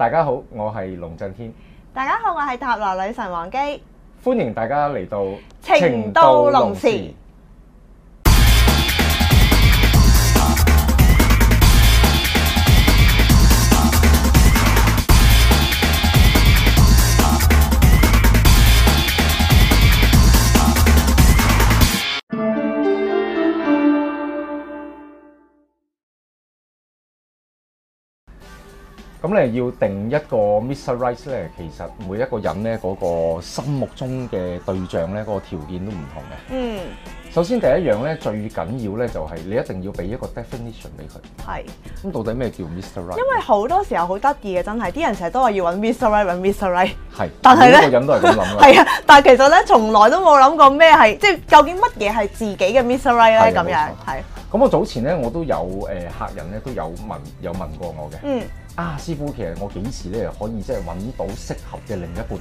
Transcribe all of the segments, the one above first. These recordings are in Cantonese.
大家好，我係龍振軒。大家好，我係塔羅女神黃姬。歡迎大家嚟到情到龍匙。咁你要定一個 Mr. Right 咧，其實每一個人咧嗰個心目中嘅對象咧，嗰個條件都唔同嘅。嗯。首先第一樣咧最緊要咧就係你一定要俾一個 definition 俾佢。係。咁到底咩叫 Mr. Right？因為好多時候好得意嘅真係，啲人成日都話要揾 Mr. Right 揾 Mr. Right。係。但係咧，呢個人都係咁諗㗎。係啊，但係其實咧，從來都冇諗過咩係，即係究竟乜嘢係自己嘅 Mr. Right 咧，咁樣係。咁我早前咧我都有誒客人咧都有問有問過我嘅。嗯。啊，師傅，其實我幾時咧可以即係揾到適合嘅另一半？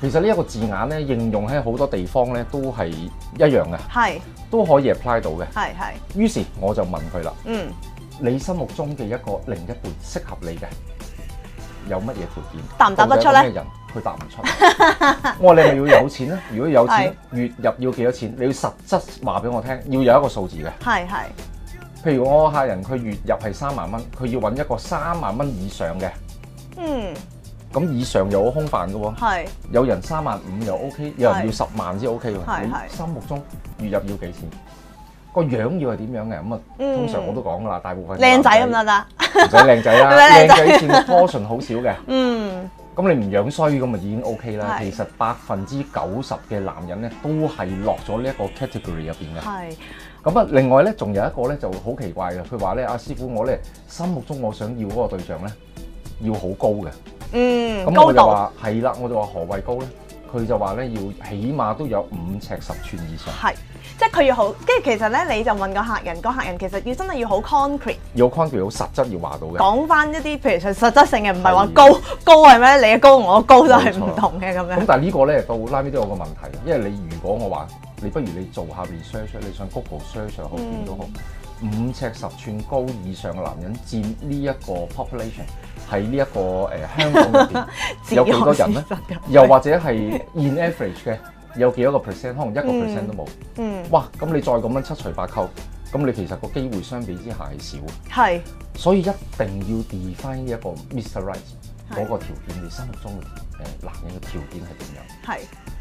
其實呢一個字眼咧，應用喺好多地方咧都係一樣嘅，係是都可以 apply 到嘅，係係。是於是我就問佢啦，嗯，你心目中嘅一個另一半適合你嘅有乜嘢條件？答唔答得出咧？人佢答唔出。 我話你係咪要有錢咧？如果要有錢，是月入要幾多錢？你要實質話俾我聽，要有一個數字嘅，係係。譬如我客人佢月入係三萬蚊，佢要揾一個三萬蚊以上嘅，嗯，咁以上又好空泛嘅喎，係有人三萬五又 O K，有人要十萬先 O K 喎。你心目中月入要幾錢？個樣要係點樣嘅？咁啊，通常我都講噶啦，大部分靚仔咁就得，唔使靚仔啦，靚仔先 portion 好少嘅。嗯，咁你唔樣衰咁啊已經 O K 啦。其實百分之九十嘅男人咧都係落咗呢一個 category 入邊嘅。係。咁啊，另外咧，仲有一個咧，就好奇怪嘅。佢話咧，啊師傅，我咧心目中我想要嗰個對象咧，要好高嘅。嗯，咁我就話係啦，我就話何謂高呢？佢就話咧，要起碼都有五尺十寸以上。係，即係佢要好。跟住其實咧，你就問個客人，個客人其實真要真係要好 concrete，要 concrete，好實質要話到嘅。講翻一啲譬如實質性嘅，唔係話高的高係咩？你嘅高同我高都係唔同嘅咁錯樣。咁但係呢個咧到拉尾都有個問題，因為你如果我話你不如你做下 research，你想 Google search 好點都好，五尺十寸高以上嘅男人佔呢一個 population。喺呢一個誒、呃、香港裏面 自用 有幾多人咧？ 又或者係 in average 嘅有幾多個 percent？可能一個 percent 都冇、嗯。嗯，哇！咁你再咁樣七除八扣，咁你其實個機會相比之下係少。係是，所以一定要 define 呢一個 Mr. Right 嗰是個條件，你心目中誒男人嘅條件係點樣？係。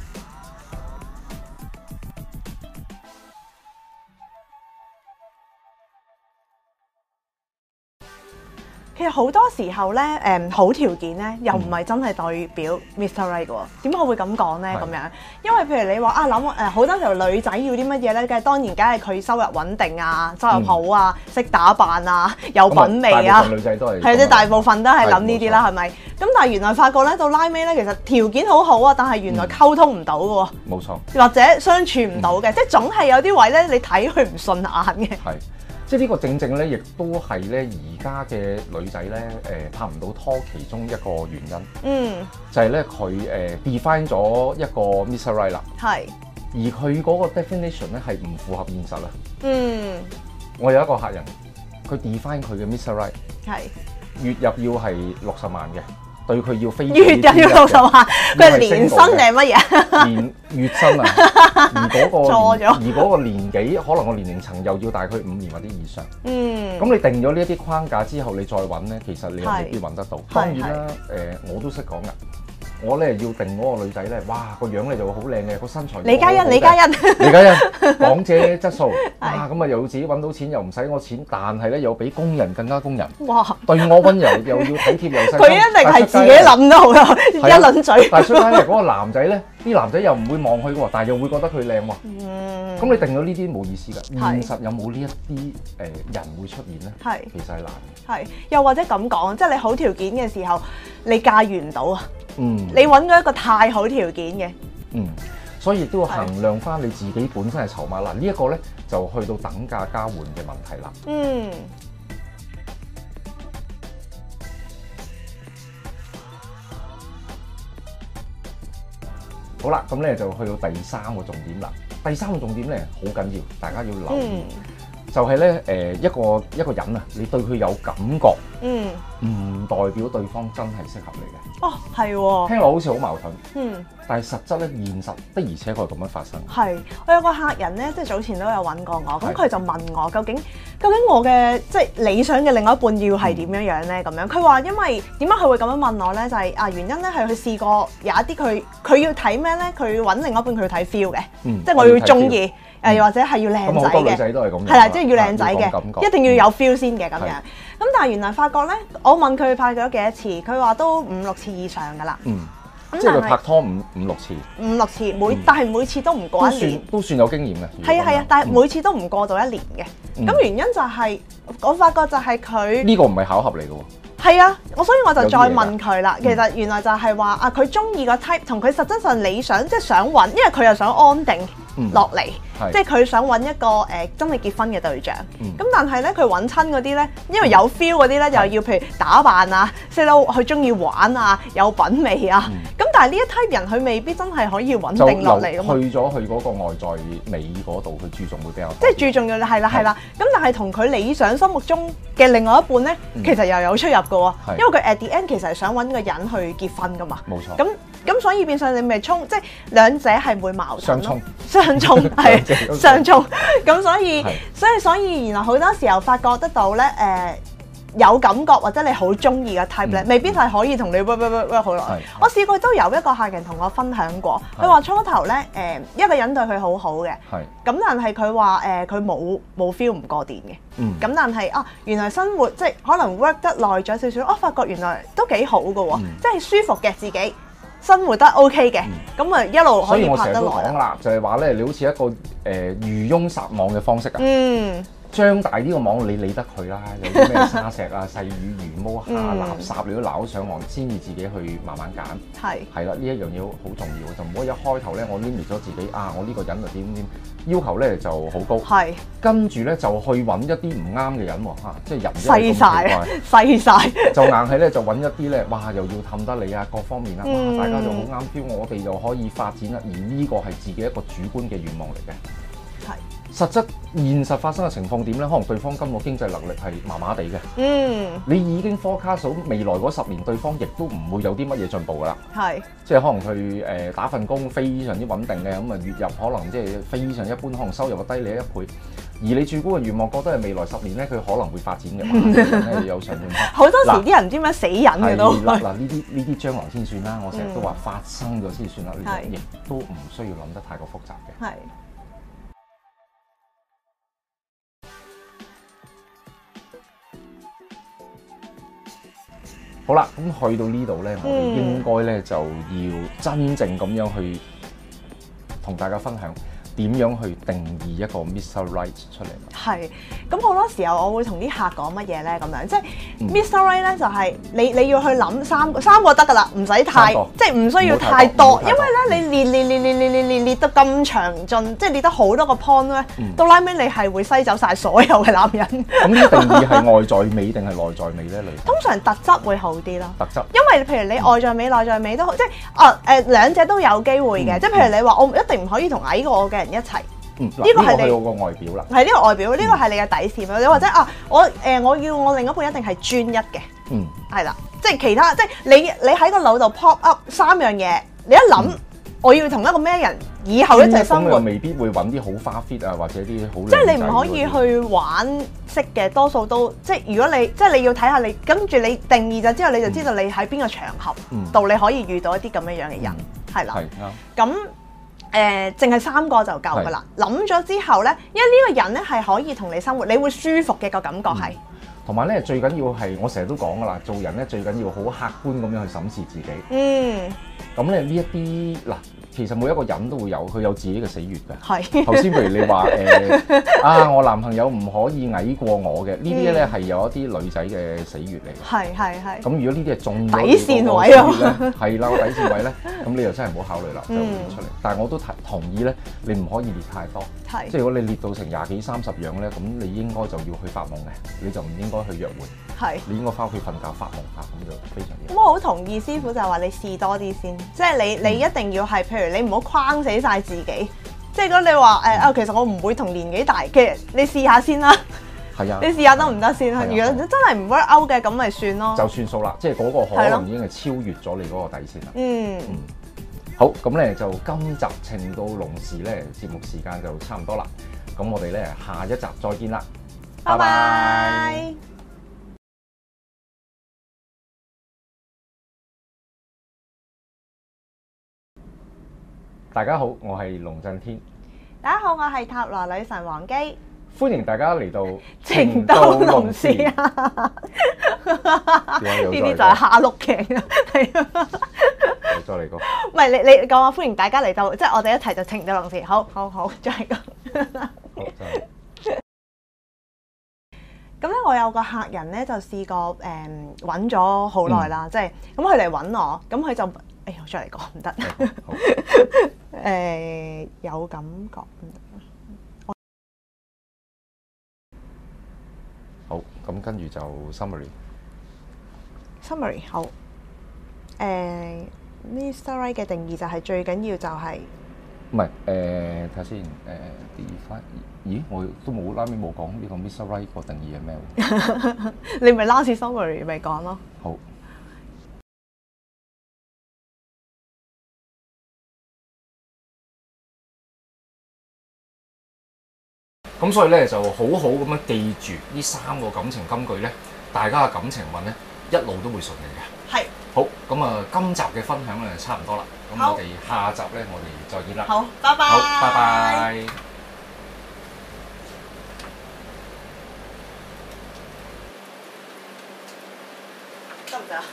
好多時候咧，誒、嗯、好條件咧，又唔係真係代表 Mr. Right 喎。點解我會咁講咧？咁樣，因為譬如你話啊，諗誒、呃，好多條女仔要啲乜嘢咧？梗係當然，梗係佢收入穩定啊，收入好啊，識、啊、打扮啊，有品味啊。係、嗯，即、嗯嗯嗯大，就是、大部分都係諗呢啲啦，係咪？咁但係原來發覺咧，到拉尾咧，其實條件好好啊，但係原來溝通唔到嘅，冇、嗯、錯，或者相處唔到嘅，嗯嗯、即係總係有啲位咧，你睇佢唔順眼嘅。係 是的。即係呢個正正咧，亦都係咧而家嘅女仔咧，誒、呃、拍唔到拖其中一個原因。嗯，就係咧佢誒 define 咗一個 Mr Right 啦是。係。而佢嗰個 definition 咧係唔符合現實喇。嗯。我有一個客人，佢 define 佢嘅 Mr Right 係是月入要係六十萬嘅。對佢要飛越啊！又要老實話，佢係年薪定乜嘢？年月薪啊？而嗰個錯咗，而嗰個年紀了可能個年齡層又要大佢五年或者以上。嗯，咁你定咗呢一啲框架之後，你再揾咧，其實你又未必揾得到。是當然啦，誒是、呃，我都識講噶。我咧要定嗰個女仔咧，哇個樣咧就會好靚嘅，個身材李嘉欣，李嘉欣，李嘉欣，網姐質素，哇咁啊又要自己揾到錢，又唔使我錢，但係咧又比工人更加工人，哇對我溫柔又要體貼又，佢一定係自己諗到啦，一諗嘴。但係出街咧，嗰個男仔咧，啲男仔又唔會望佢嘅，但係又會覺得佢靚喎。嗯。咁你定到呢啲冇意思㗎，現實有冇呢一啲誒人會出現咧？係。其實係難。係，又或者咁講，即係你好條件嘅時候，你駕馭唔到啊？嗯，你揾到一個太好條件嘅，嗯，所以都要衡量翻你自己本身嘅籌碼嗱，呢、這、一個咧就去到等價交換嘅問題啦。嗯。好啦，咁咧就去到第三個重點啦。第三個重點咧好緊要，大家要留意。嗯就係咧，誒一個一個人啊，你對佢有感覺，嗯，唔代表對方真係適合你嘅。哦，係喎，哦，聽落好似好矛盾。嗯，但係實質咧，現實的而且確係咁樣發生。係，我有個客人咧，即係早前都有揾過我，咁佢是就問我究竟究竟我嘅即係理想嘅另外一半要係點樣樣咧？咁樣佢話因為點解佢會咁樣問我咧？就係啊，原因咧係佢試過有一啲佢佢要睇咩咧？佢揾另外一半佢要睇 feel 嘅，嗯、即係我要鍾意。嗯嗯誒或者係要靚仔嘅，係啦，即係要靚仔嘅，一定要有 feel 先嘅咁樣。咁但係原來發覺咧，我問佢拍咗幾多次，佢話都五六次以上噶啦。嗯，即係佢拍拖五五六次。五六次每，但係每次都唔過一年。都算有經驗嘅。係啊係啊，但係每次都唔過到一年嘅。咁原因就係我發覺就係佢呢個唔係巧合嚟㗎喎。係啊，我所以我就再問佢啦。其實原來就係話啊，佢中意個 type 同佢實質上理想即係想揾，因為佢又想安定落嚟，嗯、即係佢想揾一個誒真係結婚嘅對象。咁、嗯、但係咧，佢揾親嗰啲咧，因為有 feel 嗰啲咧，嗯、又要譬如打扮啊，識得佢中意玩啊，有品味啊，咁、嗯。嗯但呢一批人佢未必真係可以穩定落嚟。去咗去嗰個外在美嗰度，佢注重會比較即係注重嘅係啦係啦。咁的但係同佢理想心目中嘅另外一半咧，嗯、其實又有出入嘅喎。的因為佢 at the end 其實係想搵個人去結婚嘅嘛。冇錯。咁咁所以變相你咪衝，即、就、係、是、兩者係會矛盾咯、啊。相衝係相衝。咁所以所以所以，然後好多時候發覺得到咧誒。呃有感覺或者你好中意嘅 type 咧，未必係可以同你 work work work work 好耐。是我試過都有一個客人同我分享過，佢話初頭咧，誒、呃、一個人對佢好好嘅，咁是但係佢話誒佢冇冇 feel 唔過電嘅，咁、嗯、但係啊原來生活即係可能 work 得耐咗少少，我發覺原來都幾好㗎喎，嗯、即係舒服嘅自己生活得 OK 嘅，咁啊、嗯、一路可以拍得耐。所以我成日都講啦，就係話咧，你好似一個誒、呃、漁翁撒網嘅方式啊。嗯。張大呢個網，你理得佢啦。有啲咩沙石啊、 細魚、魚毛、下垃圾，你都撈上岸，先至自己去慢慢揀。係係啦，呢一樣嘢好重要，就唔可以一開頭咧，我 limit 咗自己啊！我呢個人又點點要求咧就好高。係跟住咧就去揾一啲唔啱嘅人嚇、啊，即係入西曬，西曬。 就硬係咧，就揾一啲咧，哇！又要氹得你啊，各方面啊，哇！大家就好啱 feel，我哋就可以發展啦。而呢個係自己一個主觀嘅願望嚟嘅。實質現實發生嘅情況點咧？可能對方今個經濟能力係麻麻地嘅。嗯，你已經 forecast 咗未來嗰十年，對方亦都唔會有啲乜嘢進步噶啦。係是，即係可能佢誒、呃、打份工非常之穩定嘅，咁、嗯、啊月入可能即係非常一般，可能收入低你一倍。而你住顧嘅願望覺得係未來十年咧，佢可能會發展嘅話咧，有上半 part。好多時啲人唔知咩死人都。嗱，呢啲呢啲將來先算啦。嗯、我成日都話發生咗先算啦。係是，亦都唔需要諗得太過複雜嘅。係是。 好啦，咁去到呢度咧，嗯、我哋應該咧就要真正咁樣去同大家分享點樣去。定義一個 Mr. Right 出嚟，係咁好多時候我會同啲客講乜嘢咧咁樣，即係 Mr. Right 咧就係你你要去諗三三個得㗎啦，唔使太即係唔需要太多，因為咧你列列列列列列列列得咁長進，即係列得好多個 point 咧，到拉尾你係會篩走晒所有嘅男人。咁呢定義係外在美定係內在美咧？類通常特質會好啲啦，特質，因為譬如你外在美、內在美都好，即係啊誒兩者都有機會嘅，即係譬如你話我一定唔可以同矮過我嘅人一齊。呢個係你有個外表啦，係呢個外表，呢個係你嘅底線。你、嗯、或者啊，我誒、呃、我要我另一半一定係專一嘅，嗯，係啦，即係其他，即係你你喺個腦度 pop up 三樣嘢，你一諗，我要同一個咩人以後一齊生活，未必會揾啲好花 fit 啊，或者啲好，即係你唔可以去玩識嘅，多數都即係如果你即係你要睇下你跟住你定義咗之後，你就知道你喺邊個場合度你可以遇到一啲咁樣樣嘅人，係啦，係咁。誒，淨係、呃、三個就夠㗎喇。諗咗是之後咧，因為呢個人咧係可以同你生活，你會舒服嘅個感覺係。嗯。同埋咧，最緊要係我成日都講噶啦，做人咧最緊要好客觀咁樣去審視自己。嗯。咁咧呢一啲嗱，其實每一個人都會有佢有自己嘅死穴㗎。係是。頭先譬如你話誒、 欸、啊，我男朋友唔可以矮過我嘅，呢啲咧係有一啲女仔嘅死穴嚟嘅。係係係。咁如果呢啲係中咗底線位啦，係啦，底線位咧，咁你又真係唔好考慮啦，就唔好出嚟。嗯、但係我都提同意咧，你唔可以列太多。即係是如果你列到成廿幾三十樣咧，咁你應該就要去發夢嘅，你就唔應。應該去約會，係是你應該翻屋企瞓覺發夢啊，咁就非常。咁我好同意、嗯、師傅就係話你試多啲先，即係你你一定要係，譬如你唔好框死晒自己，即係如果你話誒啊，其實我唔會同年紀大，其實你試下先啦。係啊，你試下得唔得先？啊、如果真係唔 work out 嘅，咁咪算咯，啊、就算數啦。即係嗰個可能已經係超越咗你嗰個底線啦。啊、嗯，嗯，好，咁咧就今集《情到龍匙》咧節目時間就差唔多啦，咁我哋咧下一集再見啦。拜拜！Bye bye. 大家好，我係龍震天。大家好，我係塔羅女神黃姬。歡迎大家嚟到情到龍匙。啊！呢啲就係夏洛克啊！係啊！再嚟過。唔係你你講啊！歡迎大家嚟到，即係我哋一齊就情到龍匙，好，好，好，再嚟個。 咁咧，我有個客人咧，就試過誒揾咗好耐啦，嗯嗯、即係咁佢嚟揾我，咁佢就誒、哎、再嚟講唔得誒有感覺。好咁，跟、嗯、住就 summary。summary 好誒，Mr Right 嘅定義就係最緊要就係、是。唔係，誒睇下先，誒咦，我都冇拉面冇講。呢個 Mr Right 個定義係咩？你咪拉次 story 咪講咯。好。咁一一所以咧，就好好咁樣記住呢三個感情金句咧，大家嘅感情運咧一路都會順利嘅。係。一好，咁啊，今集嘅分享咧就差唔多啦。咁我哋下集咧，我哋再見啦。好，拜拜。好，拜拜。得唔得啊？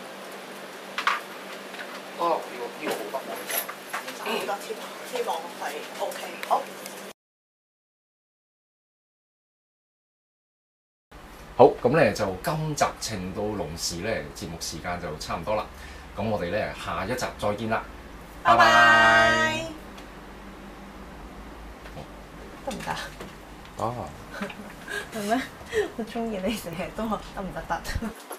哦，呢個呢個好得我哋，呢集好得添啊！希望係 OK。好。好，咁咧就今集到龍呢《情到龍匙》咧節目時間就差唔多啦，咁我哋咧下一集再見啦，bye bye 拜拜。得唔得？哦，係咩？ 我中意你成日都學得唔得得？行